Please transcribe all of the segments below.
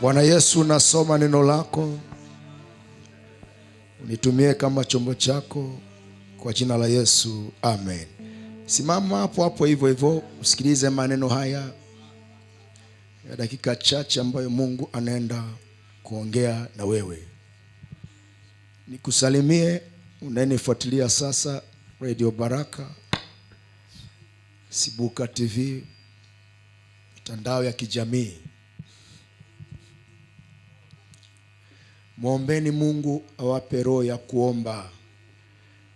Bwana Yesu, nasoma neno lako, unitumie kama chombo chako kwa jina la Yesu, amen. Simama hapo hapo hivyo hivyo, usikilize maneno haya ya dakika chache ambayo Mungu anaenda kuongea na wewe. Nikusalimie unayenifuatilia sasa Radio Baraka, Sibuka TV, mitandao ya kijamii Mwombeni Mungu awape roho ya kuomba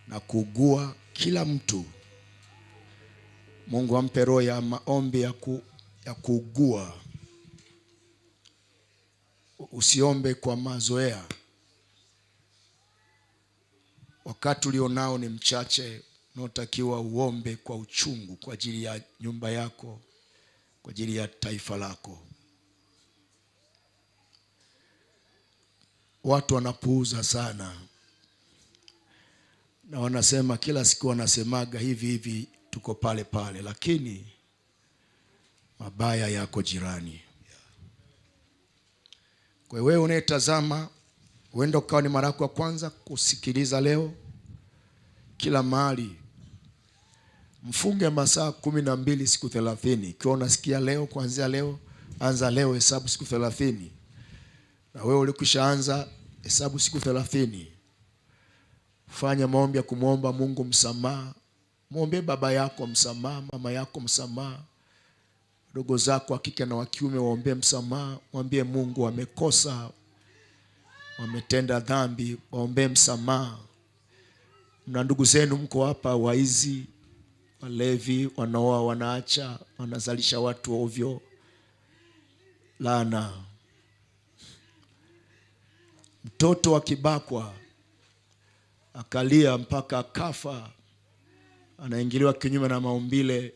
na kuugua kila mtu. Mungu ampe roho ya maombi ya, ku, ya kuugua. Usiombe kwa mazoea. Wakati ulionao ni mchache unaotakiwa uombe kwa uchungu kwa ajili ya nyumba yako, kwa ajili ya taifa lako. watu wanapuuza sana na wanasema kila siku wanasemaga hivi hivi, tuko pale pale, lakini mabaya yako jirani. Kwa hiyo wewe unayetazama, huenda ukawa ni mara yako ya kwanza kusikiliza leo. Kila mahali mfunge masaa kumi na mbili siku thelathini. Ikiwa unasikia leo, kuanzia leo, anza leo, hesabu siku thelathini na wewe ulikwishaanza hesabu siku thelathini, fanya maombi ya kumwomba Mungu msamaha. mwombe baba yako msamaha, mama yako msamaha, ndugu zako wakike na wakiume waombee msamaha. Mwambie Mungu wamekosa, wametenda dhambi, waombee msamaha. Mna ndugu zenu mko hapa, waizi, walevi, wanaoa, wanaacha, wanazalisha watu ovyo, lana Mtoto akibakwa akalia mpaka kafa anaingiliwa kinyume na maumbile,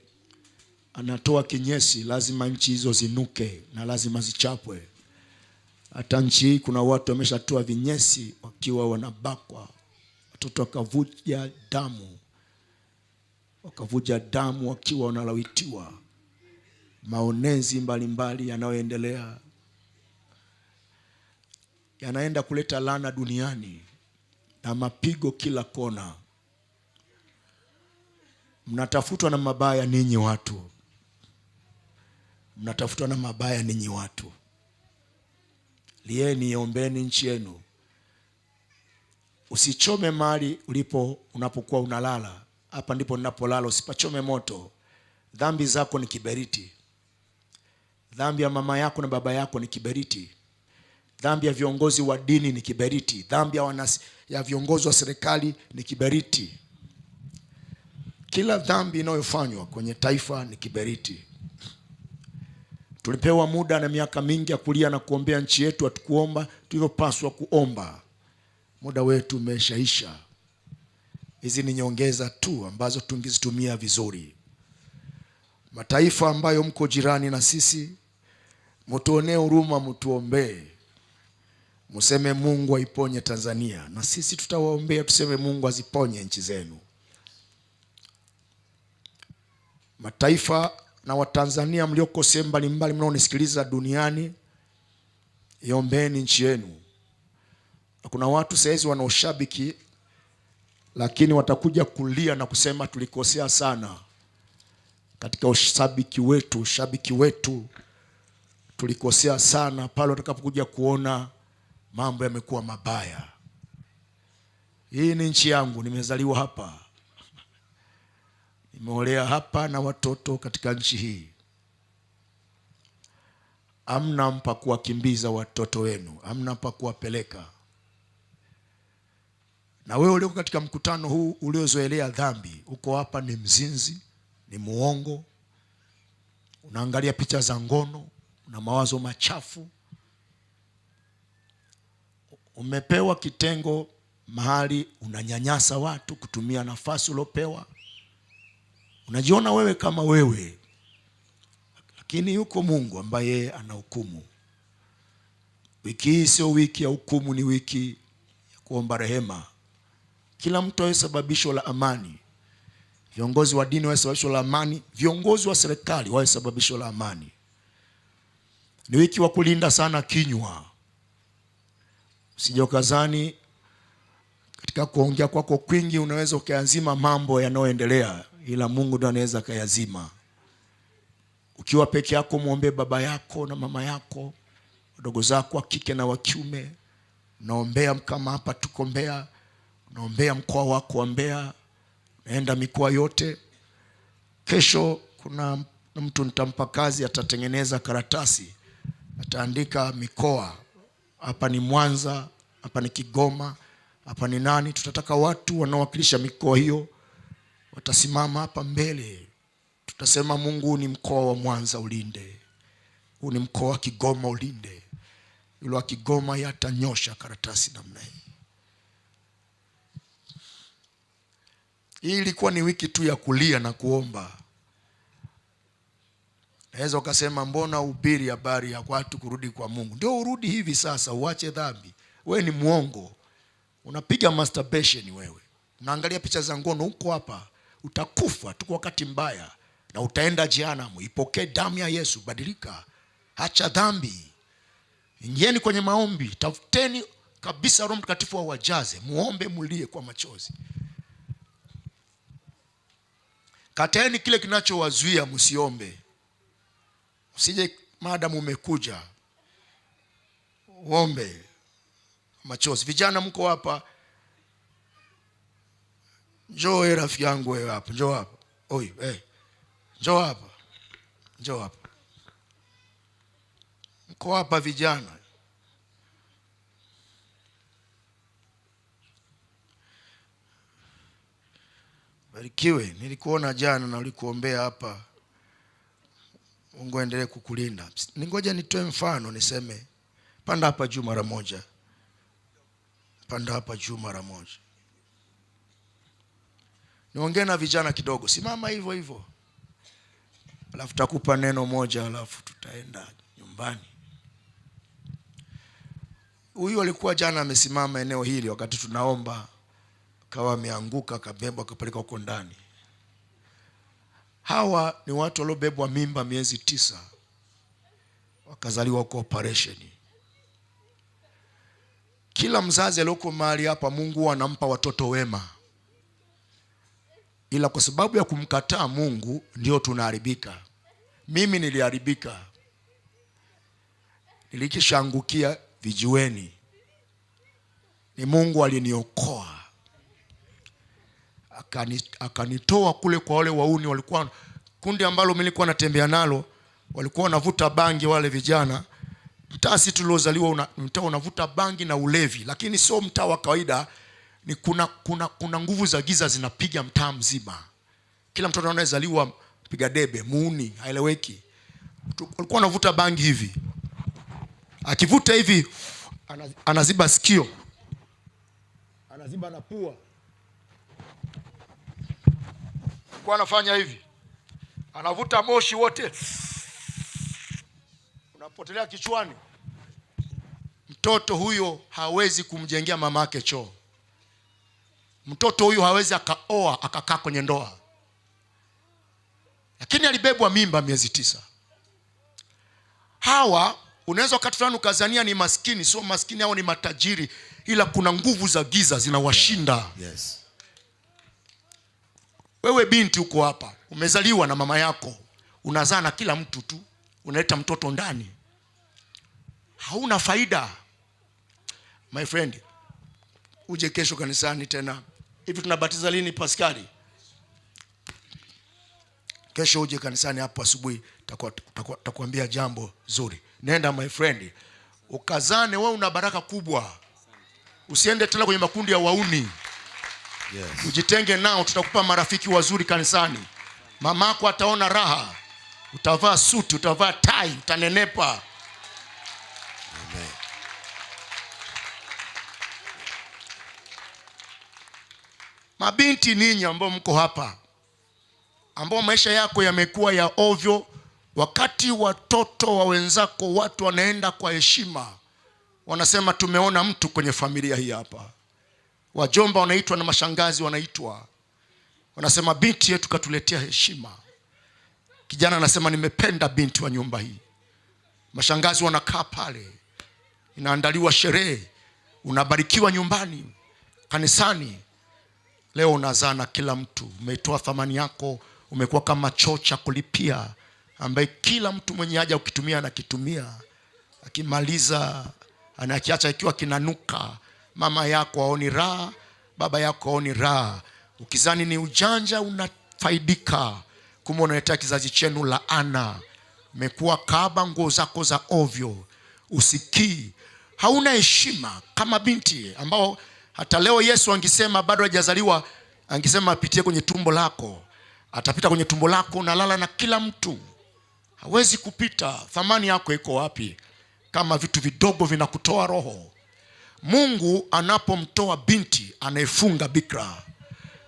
anatoa kinyesi, lazima nchi hizo zinuke na lazima zichapwe. Hata nchi hii kuna watu wameshatoa vinyesi wakiwa wanabakwa, watoto wakavuja damu, wakavuja damu wakiwa wanalawitiwa, maonezi mbalimbali yanayoendelea yanaenda kuleta lana duniani na mapigo kila kona. Mnatafutwa na mabaya ninyi watu, mnatafutwa na mabaya ninyi watu. Lieni, ombeni nchi yenu. Usichome mali ulipo unapokuwa unalala. Hapa ndipo ninapolala, usipachome moto. Dhambi zako ni kiberiti, dhambi ya mama yako na baba yako ni kiberiti. Dhambi ya viongozi wa dini ni kiberiti. Dhambi ya, wanas, ya viongozi wa serikali ni kiberiti. Kila dhambi inayofanywa kwenye taifa ni kiberiti. Tulipewa muda na miaka mingi ya kulia na kuombea nchi yetu, hatukuomba tulivyopaswa kuomba. Muda wetu umeshaisha. Hizi ni nyongeza tu ambazo tungizitumia vizuri. Mataifa ambayo mko jirani na sisi, mtuonee huruma, mtuombee mseme Mungu aiponye Tanzania, na sisi tutawaombea, tuseme Mungu aziponye nchi zenu. Mataifa na Watanzania mlioko sehemu mbalimbali mnaonisikiliza duniani, iombeni nchi yenu. kuna watu sahizi wanaoshabiki, lakini watakuja kulia na kusema tulikosea sana katika ushabiki wetu, ushabiki wetu tulikosea sana pale watakapokuja kuona mambo yamekuwa mabaya. Hii ni nchi yangu, nimezaliwa hapa, nimeolea hapa na watoto katika nchi hii. Amna mpa kuwakimbiza watoto wenu, amna mpa kuwapeleka. Na wewe ulioko katika mkutano huu uliozoelea dhambi, uko hapa, ni mzinzi, ni muongo, unaangalia picha za ngono, na mawazo machafu umepewa kitengo mahali unanyanyasa watu kutumia nafasi uliopewa, unajiona wewe kama wewe, lakini yuko Mungu ambaye ana hukumu. Wiki hii sio wiki ya hukumu, ni wiki ya kuomba rehema. Kila mtu awe sababisho la amani, viongozi wa dini wawe sababisho la amani, viongozi wa serikali wawe sababisho la amani. Ni wiki wa kulinda sana kinywa Usije katika kuongea kwako kwingi unaweza ukayazima mambo yanayoendelea, ila Mungu ndiye anaweza akayazima. Ukiwa peke yako, muombe baba yako na mama yako, wadogo zako wa kike na wa kiume. Unaombea kama hapa tuko mbea unaombea mkoa wako wa mbea unaenda mikoa yote. Kesho kuna mtu nitampa kazi, atatengeneza karatasi, ataandika mikoa hapa ni Mwanza, hapa ni Kigoma, hapa ni nani. Tutataka watu wanaowakilisha mikoa hiyo watasimama hapa mbele, tutasema Mungu, ni mkoa wa Mwanza ulinde, huu ni mkoa wa Kigoma ulinde, yule wa Kigoma yatanyosha karatasi namna hii. Hii ilikuwa ni wiki tu ya kulia na kuomba. Naweza ukasema mbona uhubiri habari ya watu kurudi kwa Mungu? Ndio urudi hivi sasa, uache dhambi. Wewe ni mwongo, unapiga masturbation wewe, unaangalia picha za ngono huko hapa. Utakufa, tuko wakati mbaya na utaenda jehanamu. Ipokee damu ya Yesu, badilika, acha dhambi, ingieni kwenye maombi, tafuteni kabisa Roho Mtakatifu wajaze, muombe, mulie kwa machozi. Kateni kile kinachowazuia msiombe. Usije madam umekuja uombe machozi. Vijana mko hapa, njoo e, rafiki yangu wewe hapa, njoo hapa oi eh, njoo hapa, njoo hapa, mko hapa vijana. Barikiwe, nilikuona jana na ulikuombea hapa Mungu aendelee kukulinda. Ningoja nitoe mfano niseme, panda hapa juu mara moja, panda hapa juu mara moja. Niongee na vijana kidogo, simama hivyo hivyo, alafu takupa neno moja, alafu tutaenda nyumbani. Huyu alikuwa jana amesimama eneo hili wakati tunaomba, kawa ameanguka, akabebwa, akapeleka huko ndani. Hawa ni watu waliobebwa mimba miezi tisa wakazaliwa kwa operation. Kila mzazi aliyoko mahali hapa, Mungu anampa watoto wema, ila kwa sababu ya kumkataa Mungu ndio tunaharibika. Mimi niliharibika, nilikishaangukia vijiweni, ni Mungu aliniokoa akanitoa kule kwa wale wauni, walikuwa kundi ambalo mimi nilikuwa natembea nalo, walikuwa wanavuta bangi wale vijana. Mtaa si tuliozaliwa una, mtaa unavuta bangi na ulevi, lakini sio mtaa wa kawaida. Ni kuna, kuna, kuna nguvu za giza zinapiga mtaa mzima. Kila mtoto anayezaliwa piga debe muuni, haeleweki. Walikuwa wanavuta bangi hivi, akivuta hivi anaziba sikio, anaziba na pua alikuwa anafanya hivi, anavuta moshi wote unapotelea kichwani. Mtoto huyo hawezi kumjengea mama yake choo. Mtoto huyo hawezi akaoa akakaa kwenye ndoa, lakini alibebwa mimba miezi tisa. Hawa unaweza wakati fulani ukazania ni maskini. Sio maskini, au ni matajiri, ila kuna nguvu za giza zinawashinda. yes. Wewe binti uko hapa, umezaliwa na mama yako, unazaa na kila mtu tu, unaleta mtoto ndani, hauna faida. My friend, uje kesho kanisani tena. Hivi tunabatiza lini Paskali? Kesho uje kanisani hapo asubuhi, takuambia jambo zuri. Nenda my friend, ukazane wewe, una baraka kubwa. Usiende tena kwenye makundi ya wauni. Yes. Ujitenge nao, tutakupa marafiki wazuri kanisani. Mamako ataona raha, utavaa suti, utavaa tai, utanenepa. Amen. Mabinti ninyi ambao mko hapa, ambao maisha yako yamekuwa ya ovyo, wakati watoto wa wenzako watu wanaenda kwa heshima, wanasema tumeona mtu kwenye familia hii hapa Wajomba wanaitwa na mashangazi wanaitwa, wanasema binti yetu katuletea heshima. Kijana anasema nimependa binti wa nyumba hii. Mashangazi wanakaa pale, inaandaliwa sherehe, unabarikiwa nyumbani, kanisani. Leo unazaa na kila mtu, umeitoa thamani yako, umekuwa kama choo cha kulipia ambaye kila mtu mwenye haja ukitumia anakitumia, akimaliza anakiacha ikiwa kinanuka mama yako aoni raha, baba yako aoni raha. Ukizani ni ujanja unafaidika, kumbe unaletea kizazi chenu laana. Umekuwa kaba nguo zako za ovyo, usikii, hauna heshima kama binti ambao hata leo Yesu angisema bado hajazaliwa, angisema apitie kwenye tumbo lako, atapita kwenye tumbo lako, unalala na kila mtu, hawezi kupita. Thamani yako iko wapi kama vitu vidogo vinakutoa roho? Mungu anapomtoa binti anayefunga bikra,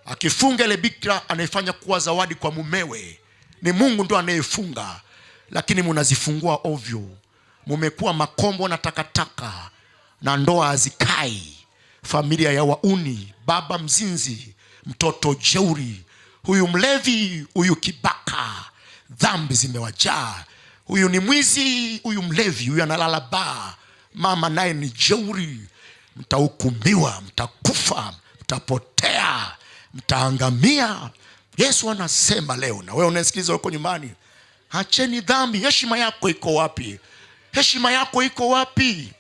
akifunga ile bikra anaifanya kuwa zawadi kwa mumewe, ni Mungu ndo anayefunga, lakini munazifungua ovyo. Mumekuwa makombo na takataka, na ndoa hazikai, familia ya wauni, baba mzinzi, mtoto jeuri, huyu mlevi, huyu kibaka, dhambi zimewajaa. Huyu ni mwizi, huyu mlevi, huyu analala baa, mama naye ni jeuri mtahukumiwa, mtakufa, mtapotea, mtaangamia. Yesu anasema leo, na wewe unasikiliza huko nyumbani, hacheni dhambi. Heshima yako iko wapi? Heshima yako iko wapi?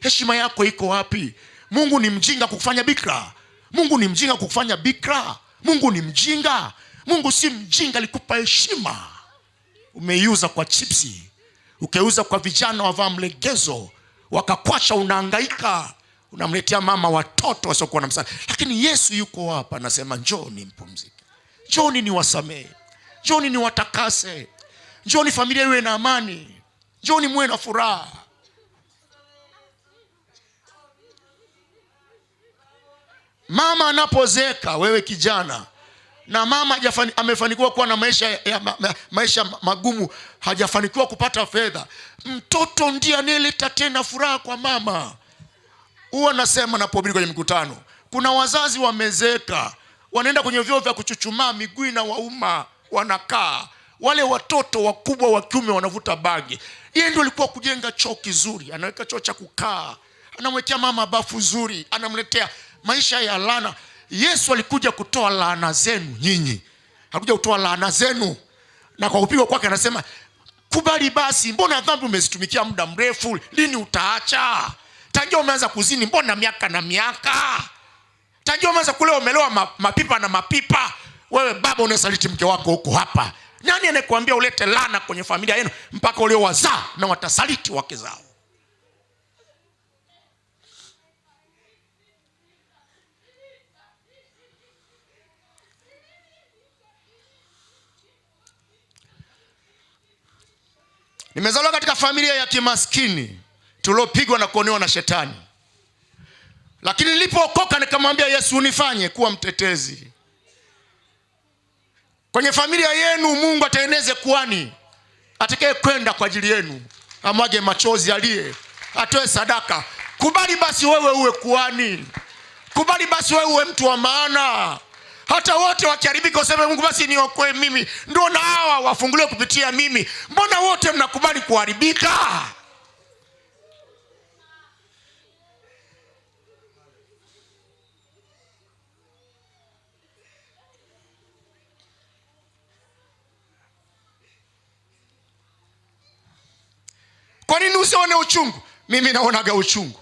Heshima yako iko wapi? Mungu ni mjinga kukufanya bikra? Mungu ni mjinga kukufanya bikra? Mungu ni mjinga? Mungu si mjinga, alikupa heshima, umeiuza kwa chipsi, ukeuza kwa vijana wavaa mlegezo, wakakwasha, unaangaika unamletea mama watoto wasiokuwa na msaada, lakini Yesu yuko hapa, anasema njoni mpumzike, njoni niwasamehe, njoni watakase njoni familia iwe na amani, njoni muwe na furaha. Mama anapozeka wewe kijana na mama amefanikiwa kuwa na maisha ya ma, ma, maisha magumu, hajafanikiwa kupata fedha, mtoto ndiye anayeleta tena furaha kwa mama. Huwa nasema napohubiri kwenye mkutano kuna wazazi wamezeka, wanaenda kwenye vyoo vya kuchuchumaa, miguu na wauma, wanakaa wale watoto wakubwa wa kiume wanavuta bangi. Yeye ndio alikuwa kujenga choo kizuri, anaweka choo cha kukaa, anamwekea mama bafu zuri, anamletea maisha ya lana Yesu alikuja kutoa laana zenu nyinyi, alikuja kutoa laana zenu, na kwa kupigwa kwake anasema kubali basi, mbona dhambi umezitumikia muda mrefu, lini utaacha? Tangia umeanza kuzini, mbona miaka na miaka? Tangia umeanza kulewa, umelewa mapipa na mapipa. Wewe baba unasaliti mke wako huko hapa, nani anakuambia ulete lana kwenye familia yenu mpaka uliowazaa na watasaliti wake zao? Nimezaliwa katika familia ya kimaskini tuliopigwa na kuonewa na shetani. Lakini nilipookoka nikamwambia Yesu, unifanye kuwa mtetezi kwenye familia yenu. Mungu atengeneze kwani atakaye kwenda kwa ajili yenu, amwage machozi, aliye atoe sadaka. Kubali basi wewe uwe kuani kubali basi wewe uwe mtu wa maana hata wote wakiharibika, useme Mungu basi niokoe mimi, ndio na hawa wafunguliwe kupitia mimi. Mbona wote mnakubali kuharibika? usione uchungu. Mimi naonaga uchungu.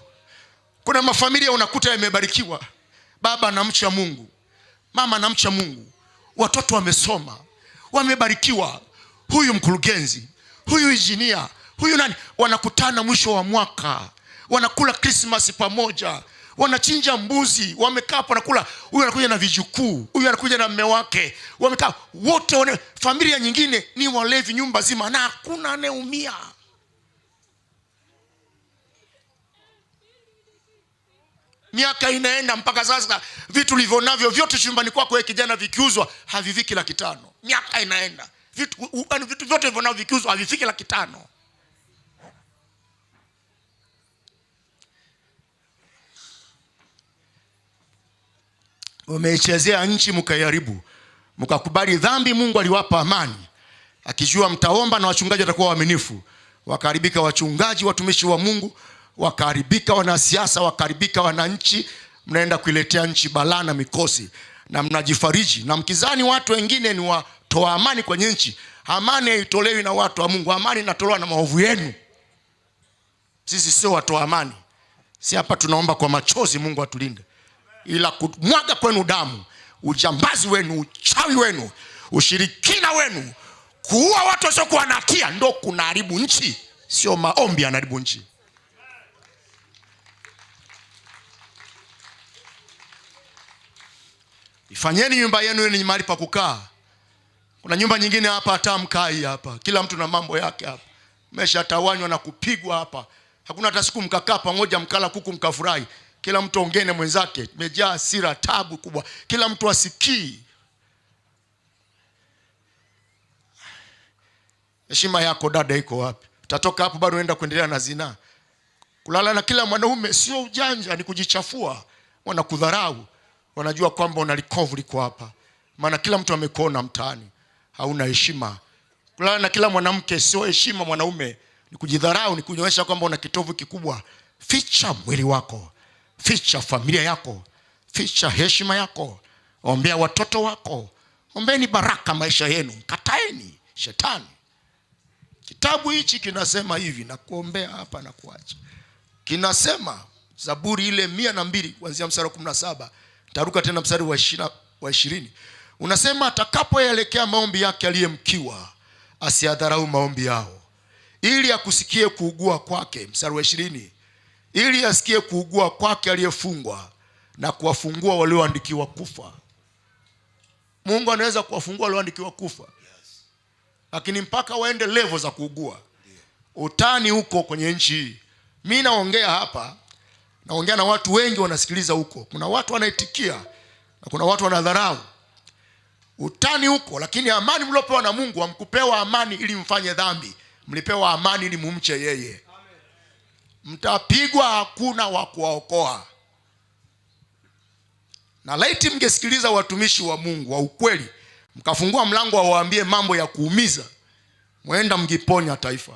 Kuna mafamilia unakuta yamebarikiwa, baba anamcha Mungu, mama anamcha Mungu, watoto wamesoma, wamebarikiwa, huyu mkurugenzi, huyu injinia, huyu nani, wanakutana mwisho wa mwaka, wanakula krismas pamoja wanachinja mbuzi, wamekaa hapo nakula. Huyu anakuja na vijukuu, huyu anakuja na mme wake, wamekaa wote wane. Familia nyingine ni walevi, nyumba zima, na hakuna anayeumia. miaka inaenda mpaka sasa vitu ulivyo navyo vyote chumbani kwako wewe kijana, vikiuzwa haviviki laki tano. Miaka inaenda vitu, yaani vitu vyote ulivyo navyo vikiuzwa havifiki laki tano. Umeichezea nchi mkaiharibu, mkakubali dhambi. Mungu aliwapa amani, akijua mtaomba na wachungaji watakuwa waaminifu. Wakaharibika wachungaji, watumishi wa Mungu wakaharibika wanasiasa, wakaharibika wananchi, mnaenda kuiletea nchi balaa na mikosi na mnajifariji na mkizani watu wengine ni watoa amani kwenye nchi. Amani haitolewi na watu wa Mungu, amani inatolewa na maovu yenu. Sisi sio watoa amani, si hapa tunaomba kwa machozi, Mungu atulinde, ila kumwaga kwenu damu, ujambazi wenu, uchawi wenu, ushirikina wenu, kuua watu wasiokuwa nakia ndo kunaharibu nchi, sio maombi anaaribu nchi. Ifanyeni nyumba yenu ni mahali pa kukaa. Kuna nyumba nyingine hapa hata mkai hapa, kila mtu na mambo yake hapa, meshatawanywa na kupigwa hapa. Hakuna hata siku mkakaa pamoja mkala kuku mkafurahi. Kila mtu ongene mwenzake, imejaa hasira, tabu kubwa, kila mtu asikii. Heshima yako dada iko wapi? Utatoka hapo bado enda kuendelea na zinaa. Kulala na kila mwanaume sio ujanja, ni kujichafua, wanakudharau wanajua kwamba una recovery kwa hapa, maana kila mtu amekuona mtaani, hauna heshima. Kulala na kila mwanamke sio heshima, mwanaume ni kujidharau, ni kunyoesha kwamba una kitovu kikubwa. Ficha mwili wako, ficha familia yako, ficha heshima yako. Ombea watoto wako, ombeni baraka maisha yenu, mkataeni shetani. Kitabu hichi kinasema hivi, nakuombea hapa na kuacha, kinasema Zaburi ile mia na mbili kuanzia mstari wa kumi na saba taruka tena mstari wa ishirini unasema atakapoelekea maombi yake aliyemkiwa asiadharau maombi yao, ili akusikie kuugua kwake. Mstari wa ishirini ili asikie kuugua kwake aliyefungwa na kuwafungua walioandikiwa kufa. Mungu anaweza kuwafungua walioandikiwa kufa, lakini mpaka waende levo za kuugua. Utani huko kwenye nchi hii. Mi naongea hapa naongea na watu wengi wanasikiliza huko. Kuna watu wanaitikia na kuna watu wanadharau utani huko, lakini amani mliopewa na Mungu amkupewa amani ili mfanye dhambi, mlipewa amani ili mumche yeye. Mtapigwa, hakuna wa kuwaokoa. Na laiti mngesikiliza watumishi wa Mungu wa ukweli, mkafungua mlango wawaambie mambo ya kuumiza, mwenda mgiponya taifa.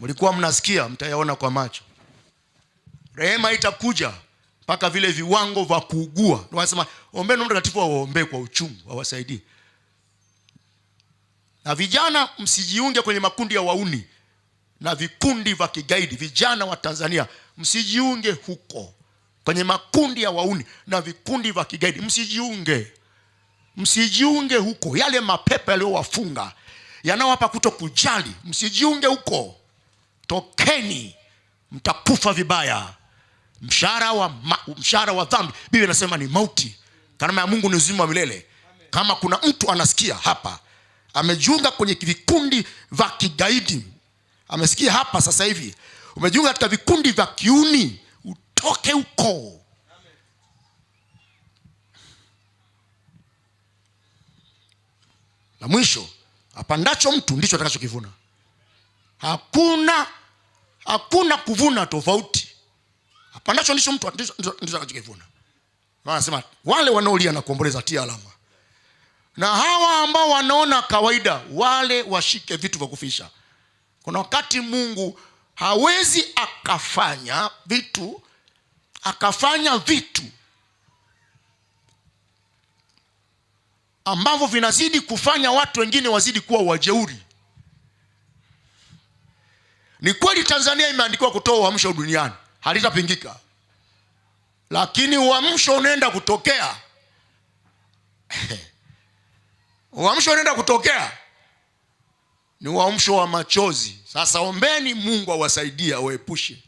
mlikuwa mnasikia, mtayaona kwa macho. Rehema itakuja mpaka vile viwango vya kuugua. Wanasema ombeni Mtakatifu awaombee kwa uchungu, awasaidie. Na vijana msijiunge kwenye makundi ya wauni na vikundi vya kigaidi. Vijana wa Tanzania msijiunge huko kwenye makundi ya wauni na vikundi vya kigaidi, msijiunge, msijiunge huko. Yale mapepo yaliyowafunga yanawapa kuto kujali, msijiunge huko tokeni mtakufa vibaya, mshahara wa, mshahara wa dhambi. bibi inasema ni mauti, karama ya Mungu ni uzima wa milele. Kama kuna mtu anasikia hapa amejiunga kwenye vikundi vya kigaidi, amesikia hapa sasa hivi umejiunga katika vikundi vya kiuni, utoke huko. La mwisho apandacho mtu ndicho atakachokivuna. Hakuna hakuna kuvuna tofauti. Apandacho ndicho mtu ndicho atakachokivuna. anasema wale wanaolia na kuomboleza tia alama, na hawa ambao wanaona kawaida, wale washike vitu vya kufisha. Kuna wakati Mungu hawezi akafanya vitu akafanya vitu ambavyo vinazidi kufanya watu wengine wazidi kuwa wajeuri ni kweli Tanzania imeandikiwa kutoa uamsho duniani, halitapingika, lakini uamsho unaenda kutokea uamsho unaenda kutokea ni uamsho wa machozi. Sasa ombeni Mungu awasaidie, awaepushe.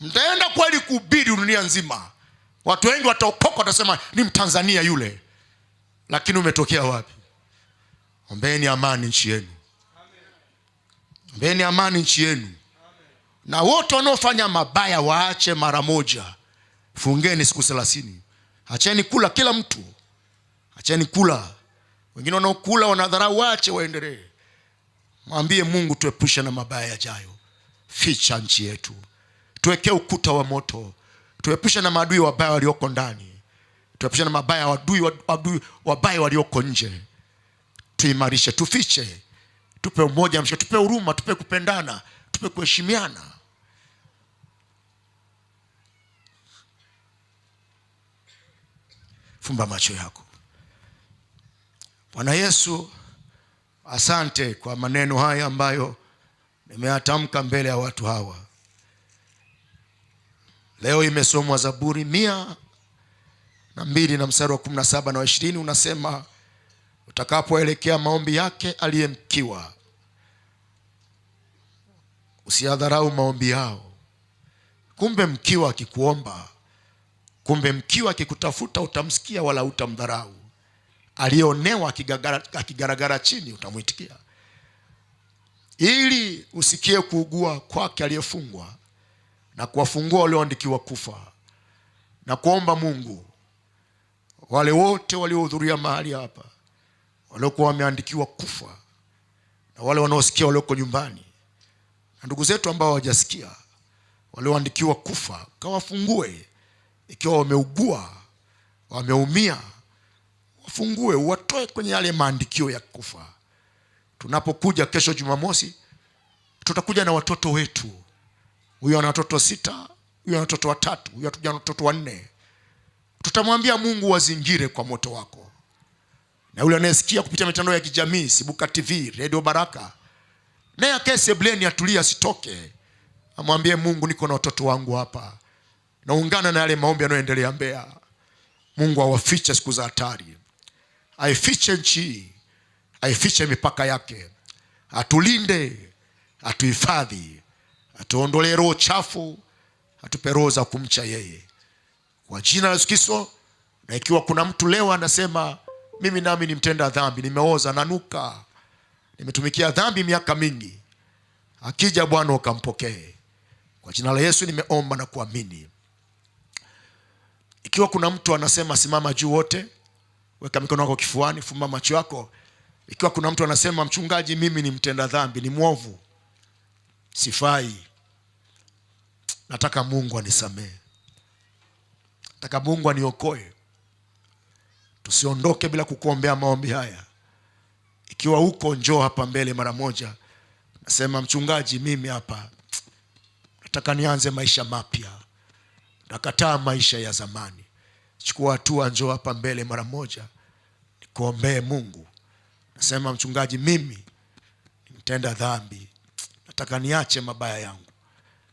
Mtaenda kweli kuhubiri dunia nzima, watu wengi wataokoka, watasema ni Mtanzania yule, lakini umetokea wapi? Ombeni amani nchi yenu mbeni amani nchi yenu, na wote wanaofanya mabaya waache mara moja. Fungeni siku thelathini, acheni kula kila mtu, acheni kula. Wengine wanaokula wanadharau, wache waendelee. Mwambie Mungu, tuepushe na mabaya yajayo, ficha nchi yetu, tuwekee ukuta wa moto, tuepushe na maadui wabaya walioko ndani, tuepushe na mabaya wadui wabaya walioko nje, tuimarishe, tufiche tupe umoja, msho, tupe huruma, tupe kupendana, tupe kuheshimiana. Fumba macho yako. Bwana Yesu, asante kwa maneno haya ambayo nimeyatamka mbele ya watu hawa. Leo imesomwa Zaburi mia na mbili na mstari wa kumi na saba na wa ishirini unasema utakapoelekea maombi yake aliyemkiwa, usiadharau maombi yao. Kumbe mkiwa akikuomba, kumbe mkiwa akikutafuta, utamsikia wala utamdharau. aliyeonewa akigaragara chini, utamwitikia ili usikie kuugua kwake aliyefungwa na kuwafungua walioandikiwa kufa, na kuomba Mungu wale wote waliohudhuria mahali hapa waliokuwa wameandikiwa kufa na wale wanaosikia walioko nyumbani na ndugu zetu ambao hawajasikia walioandikiwa kufa, kawafungue. Ikiwa wameugua wameumia, wafungue, watoe kwenye yale maandikio ya kufa. Tunapokuja kesho Jumamosi, tutakuja na watoto wetu. Huyu ana watoto sita, huyu ana watoto watatu, huyu na watoto wanne. Tutamwambia Mungu, wazingire kwa moto wako na yule anayesikia kupitia mitandao ya kijamii Sibuka TV, Redio Baraka, naye akae sebleni, atulie, asitoke, amwambie Mungu, niko na watoto wangu hapa. Naungana na yale maombi yanayoendelea mbea Mungu awafiche siku za hatari, aifiche nchi, aifiche mipaka yake, atulinde, atuhifadhi, atuondolee roho chafu, atupe roho za kumcha yeye, kwa jina la Yesu Kristo. Na ikiwa kuna mtu leo anasema mimi nami ni mtenda dhambi, nimeoza, nanuka, nimetumikia dhambi miaka mingi. Akija Bwana ukampokee kwa jina la Yesu, nimeomba na kuamini. Ikiwa kuna mtu anasema simama juu wote, weka mikono yako kifuani, fumba macho yako. Ikiwa kuna mtu anasema mchungaji, mimi ni mtenda dhambi, ni mwovu, sifai, nataka Mungu anisamee nataka Mungu aniokoe Tusiondoke bila kukuombea maombi haya. Ikiwa huko njoo hapa mbele mara moja, nasema mchungaji, mimi hapa nataka nianze maisha mapya, nakataa maisha ya zamani. Chukua hatua, njoo hapa mbele mara moja nikuombee Mungu. Nasema mchungaji, mimi nimtenda dhambi, nataka niache mabaya yangu.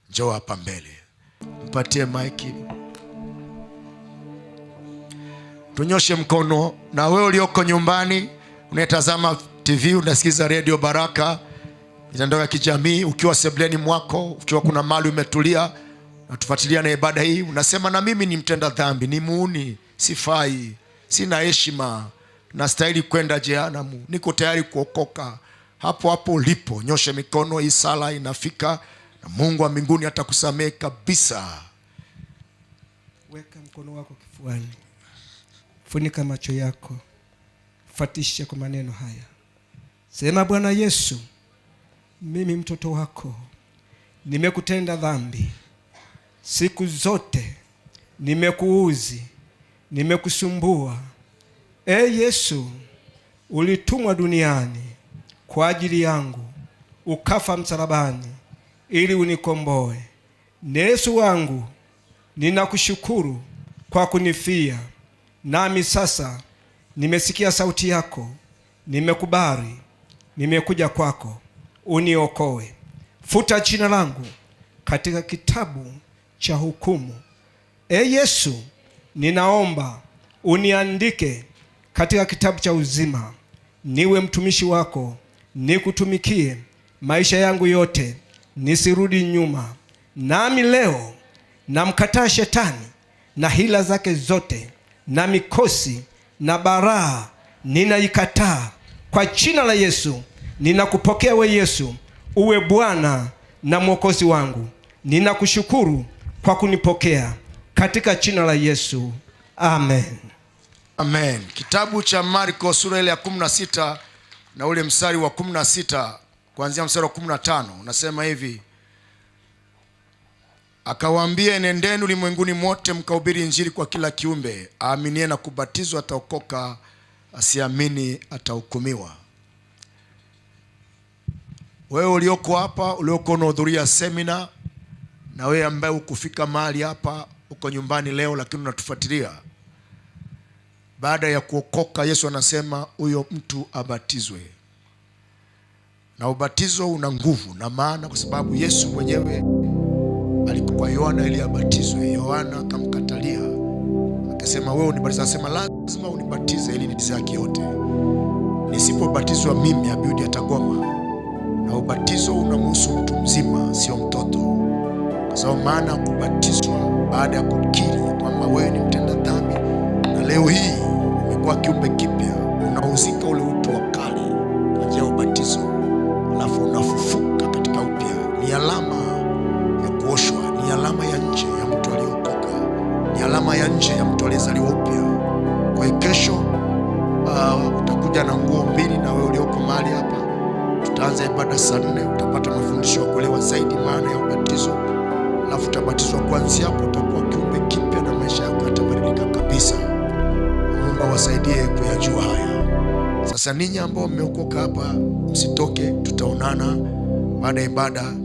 Njoo hapa mbele, mpatie maiki tunyoshe mkono. Na wewe ulioko nyumbani, unayetazama TV, unasikiza redio Baraka mitandao ya kijamii, ukiwa sebleni mwako, ukiwa kuna mali umetulia, natufuatilia na ibada hii, unasema na mimi ni mtenda dhambi, ni muuni, sifai, sina heshima, nastahili kwenda jehanamu, niko tayari kuokoka. Hapo hapo ulipo, nyoshe mikono, hii sala inafika na Mungu wa mbinguni atakusamee kabisa. Weka mkono wako kifuani. Funika macho yako, fatisha kwa maneno haya, sema: Bwana Yesu, mimi mtoto wako nimekutenda dhambi siku zote, nimekuuzi, nimekusumbua. E Yesu, ulitumwa duniani kwa ajili yangu, ukafa msalabani ili unikomboe. Yesu wangu, ninakushukuru kwa kunifia nami sasa nimesikia sauti yako, nimekubali, nimekuja kwako, uniokoe. Futa jina langu katika kitabu cha hukumu. E Yesu, ninaomba uniandike katika kitabu cha uzima, niwe mtumishi wako, nikutumikie maisha yangu yote, nisirudi nyuma. Nami leo namkataa shetani na hila zake zote na mikosi na baraa ninaikataa kwa jina la Yesu. Ninakupokea we Yesu, uwe Bwana na mwokozi wangu. Ninakushukuru kwa kunipokea katika jina la Yesu, amen, amen. Kitabu cha Marko sura ile ya 16 na ule mstari wa 16 kuanzia mstari wa 15 unasema hivi: akawaambia, enendeni ulimwenguni mote mkahubiri injili kwa kila kiumbe. Aaminie na kubatizwa ataokoka, asiamini atahukumiwa. Wewe ulioko hapa, ulioko unahudhuria semina, na wewe ambaye hukufika mahali hapa, uko nyumbani leo lakini unatufuatilia, baada ya kuokoka, Yesu anasema huyo mtu abatizwe na ubatizo una nguvu na maana, kwa sababu Yesu mwenyewe alipokuwa Yohana ili abatizwe, Yohana akamkatalia akasema, wewe unibatiza? Akasema, lazima unibatize ili nitimize haki yote, nisipobatizwa mimi Abiudi atagoma. Na ubatizo unamhusu mtu mzima, sio mtoto, kwa sababu maana kubatizwa baada ya kukiri kwamba wewe ni mtenda dhambi na leo hii umekuwa kiumbe kipya, unahusika ule Sasa ninyi ambao mmeokoka hapa, msitoke, tutaonana baada ya ibada.